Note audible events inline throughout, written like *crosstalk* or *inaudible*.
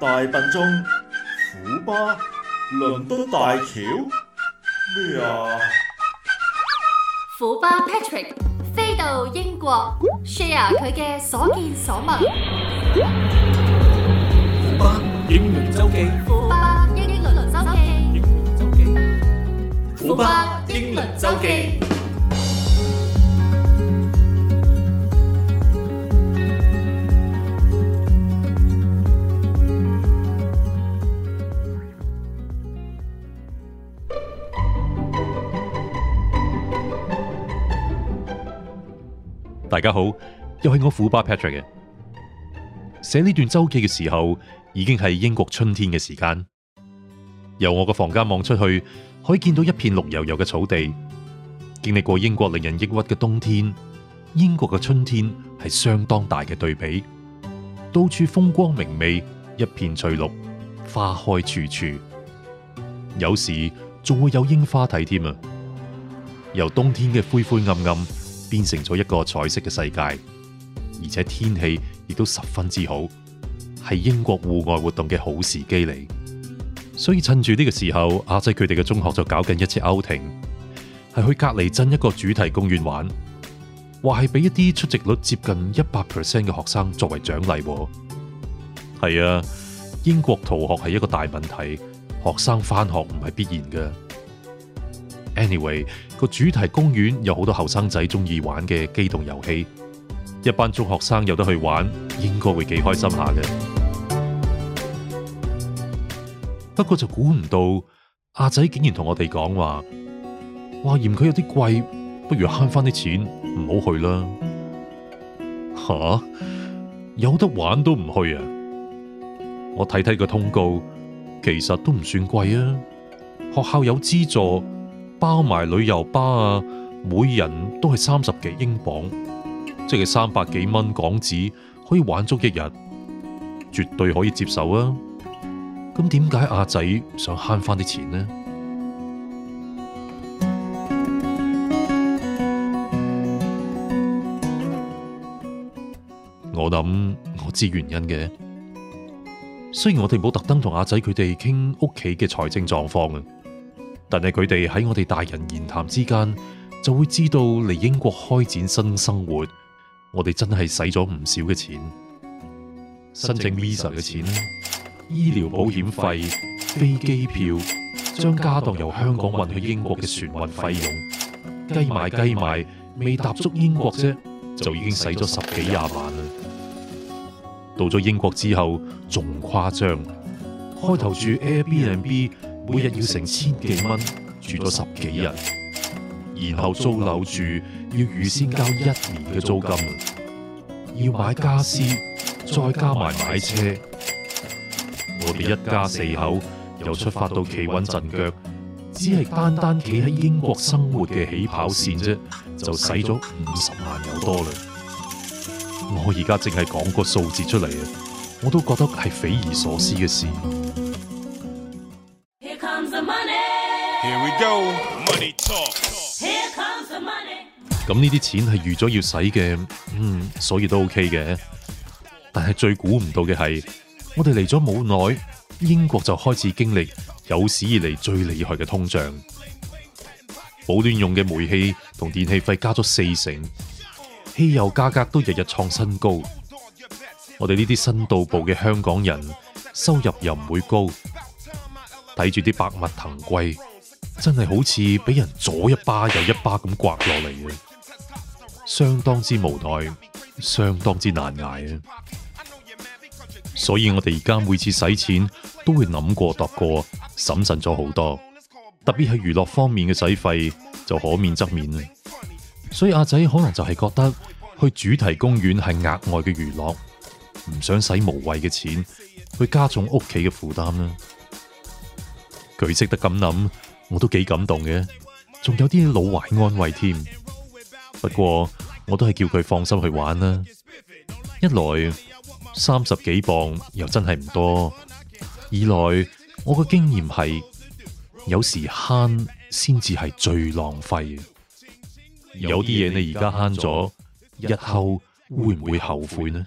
大笨鐘、虎巴、倫敦大橋，咩啊？虎巴 Patrick 飛到英國，share 佢嘅所見所聞。虎巴英倫周記，虎巴英倫倫周記，虎巴英倫周記。大家好，又係我虎巴 Patrick 嘅。寫呢段周記嘅時候，已經係英國春天嘅時間。由我嘅房間望出去，可以見到一片綠油油嘅草地。經歷過英國令人抑鬱嘅冬天，英國嘅春天係相當大嘅對比。到處風光明媚，一片翠綠，花開處處，有時仲會有櫻花睇添啊！由冬天嘅灰灰暗暗，變成咗一個彩色嘅世界，而且天氣亦都十分之好，係英國戶外活動嘅好時機嚟。所以趁住呢個時候，阿仔佢哋嘅中學就搞緊一次 outing，係去隔籬鎮一個主題公園玩，話係俾一啲出席率接近一百 percent 嘅學生作為獎勵。係啊，英國逃學係一個大問題，學生返學唔係必然㗎。Anyway，個主題公園有好多後生仔中意玩嘅機動遊戲，一班中學生有得去玩，應該會幾開心下嘅。不過就估唔到阿仔竟然同我哋講話：，話，嫌佢有啲貴，不如慳翻啲錢，唔好去啦。吓，有得玩都唔去啊？我睇睇個通告，其實都唔算貴啊。學校有資助。包埋旅遊巴啊，每人都係三十幾英鎊，即係三百幾蚊港紙，可以玩足一日，絕對可以接受啊！咁點解阿仔想慳翻啲錢呢？我諗我知原因嘅，雖然我哋冇特登同阿仔佢哋傾屋企嘅財政狀況啊。但係佢哋喺我哋大人言談之間，就會知道嚟英國開展新生活，我哋真係使咗唔少嘅錢，申請 visa 嘅錢，醫療保險費，飛機票，將家當由香港運去英國嘅船運費用，計埋計埋，未踏足英國啫，就已經使咗十幾廿萬啦。到咗英國之後，仲誇張，開頭住 Airbnb。每日要成千幾蚊，住咗十幾日，然後租樓住要預先交一年嘅租金，要買家私，再加埋買車，我哋一家四口由出發到企穩陣腳，只係單單企喺英國生活嘅起跑線啫，就使咗五十萬有多啦。我而家淨係講個數字出嚟啊，我都覺得係匪夷所思嘅事。嗯咁呢啲錢係預咗要使嘅，嗯，所以都 OK 嘅。但係最估唔到嘅係，我哋嚟咗冇耐，英國就開始經歷有史以嚟最厲害嘅通脹，保暖用嘅煤氣同電氣費加咗四成，汽油價格都日日創新高。我哋呢啲新到埗嘅香港人，收入又唔會高，睇住啲百物騰貴。真係好似俾人左一巴右一巴咁刮落嚟嘅，相當之無奈，相當之難挨啊！所以我哋而家每次使錢都會諗過度過，審慎咗好多。特別係娛樂方面嘅使費就可免則免。所以阿仔可能就係覺得去主題公園係額外嘅娛樂，唔想使無謂嘅錢去加重屋企嘅負擔啦。佢識得咁諗。我都幾感動嘅，仲有啲老懷安慰添。不過我都係叫佢放心去玩啦。一來三十幾磅又真係唔多，二來我個經驗係有時慳先至係最浪費嘅。有啲嘢你而家慳咗，日後會唔會後悔呢？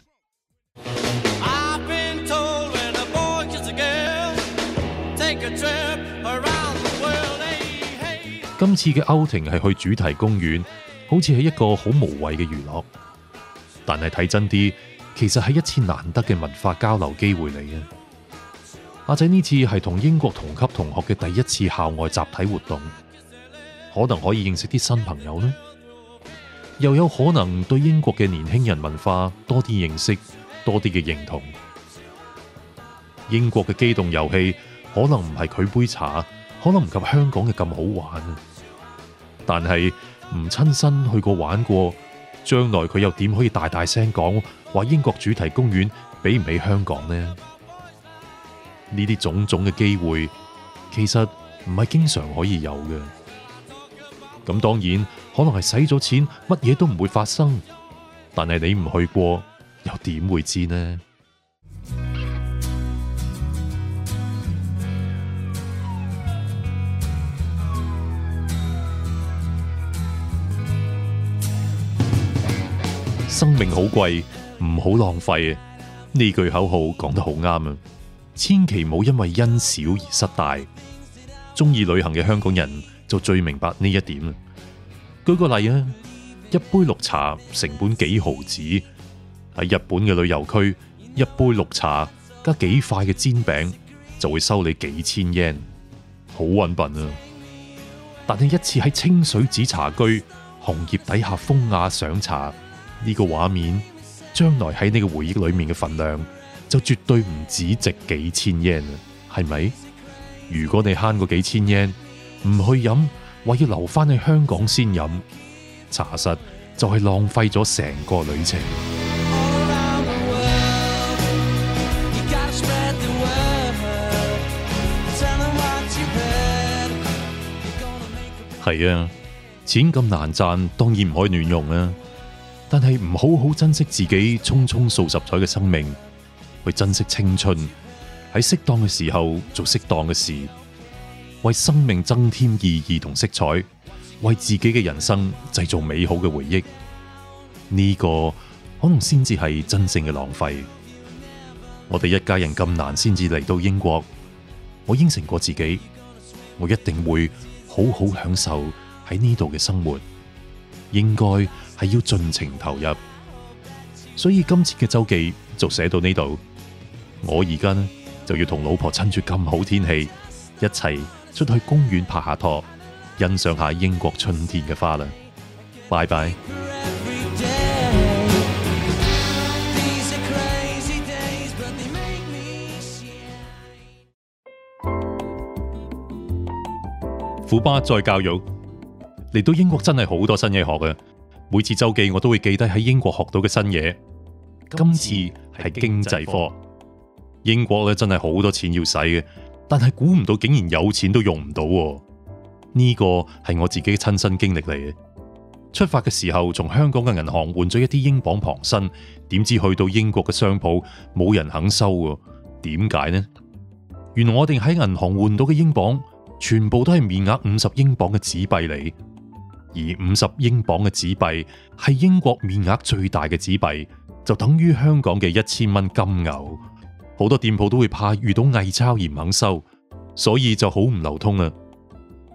今次嘅 outing 係去主題公園，好似係一個好無謂嘅娛樂，但係睇真啲，其實係一次難得嘅文化交流機會嚟啊。阿仔呢次係同英國同級同學嘅第一次校外集體活動，可能可以認識啲新朋友呢，又有可能對英國嘅年輕人文化多啲認識，多啲嘅認同。英國嘅機動遊戲可能唔係佢杯茶。可能唔及香港嘅咁好玩，但係唔親身去過玩過，將來佢又點可以大大聲講話英國主題公園比唔比香港呢？呢啲種種嘅機會，其實唔係經常可以有嘅。咁當然可能係使咗錢，乜嘢都唔會發生。但係你唔去過，又點會知呢？生命好貴，唔好浪費啊！呢句口號講得好啱啊，千祈唔好因為因小而失大。中意旅行嘅香港人就最明白呢一點啦。舉個例啊，一杯綠茶成本幾毫子，喺日本嘅旅遊區，一杯綠茶加幾塊嘅煎餅就會收你幾千 yen，好穩品啊！但係一次喺清水寺茶居紅葉底下風雅賞茶。呢、這個畫面將來喺你個回憶裏面嘅份量，就絕對唔止值幾千日圓，係咪？如果你慳過幾千日圓唔去飲，話要留翻去香港先飲，查實就係浪費咗成個旅程。係 *music* 啊，錢咁難賺，當然唔可以亂用啊！但係唔好好珍惜自己匆匆數十載嘅生命，去珍惜青春，喺適當嘅時候做適當嘅事，為生命增添意義同色彩，為自己嘅人生製造美好嘅回憶。呢個可能先至係真正嘅浪費。我哋一家人咁難先至嚟到英國，我應承過自己，我一定會好好享受喺呢度嘅生活，應該。係要盡情投入，所以今次嘅周記就寫到呢度。我而家呢就要同老婆趁住咁好天氣，一齊出去公園拍下拖，欣賞下英國春天嘅花啦。拜拜！苦巴再教育嚟到英國真係好多新嘢學㗎！每次週記我都會記得喺英國學到嘅新嘢，今次係經濟科。英國咧，真係好多錢要使嘅，但係估唔到竟然有錢都用唔到。呢個係我自己親身經歷嚟嘅。出發嘅時候，從香港嘅銀行換咗一啲英鎊旁身，點知去到英國嘅商鋪冇人肯收。點解呢？原來我哋喺銀行換到嘅英鎊全部都係面額五十英鎊嘅紙幣嚟。而五十英鎊嘅紙幣係英國面額最大嘅紙幣，就等於香港嘅一千蚊金牛。好多店鋪都會怕遇到偽鈔而唔肯收，所以就好唔流通啊。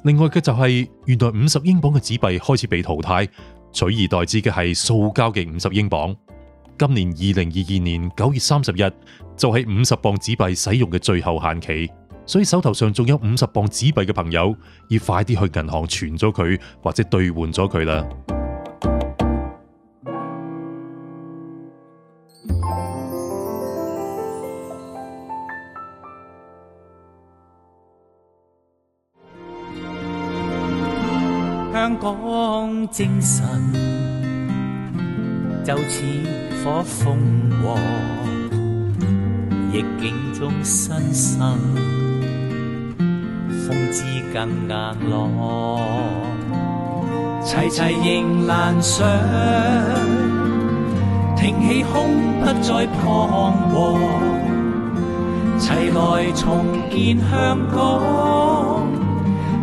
另外嘅就係原來五十英鎊嘅紙幣開始被淘汰，取而代之嘅係塑膠嘅五十英鎊。今年二零二二年九月三十日就喺五十磅紙幣使用嘅最後限期。所以手頭上仲有五十鎊紙幣嘅朋友，要快啲去銀行存咗佢，或者兌換咗佢啦。香港精神就似火鳳凰，逆境中新生。知更硬朗，齊齊迎難上，挺起胸，不再彷徨，齊來重建香港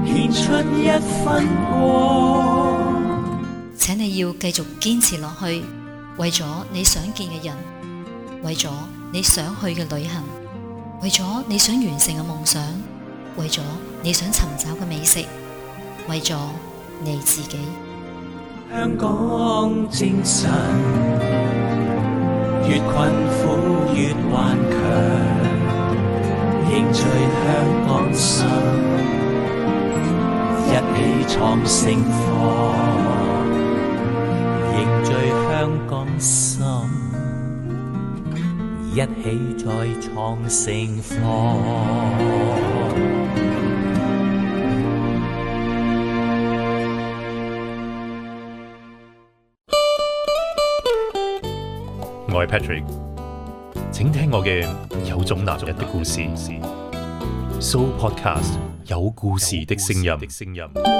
獻出一分光。請你要繼續堅持落去，為咗你想見嘅人，為咗你想去嘅旅行，為咗你想完成嘅夢想，為咗你想尋找嘅美食，為咗你自己。香港精神，越困苦越頑強，凝聚香港心，一起創盛況。凝聚香港心，一起再創盛況。喂，Patrick，請聽我嘅有種男人的故事，So Podcast，有故事的聲音。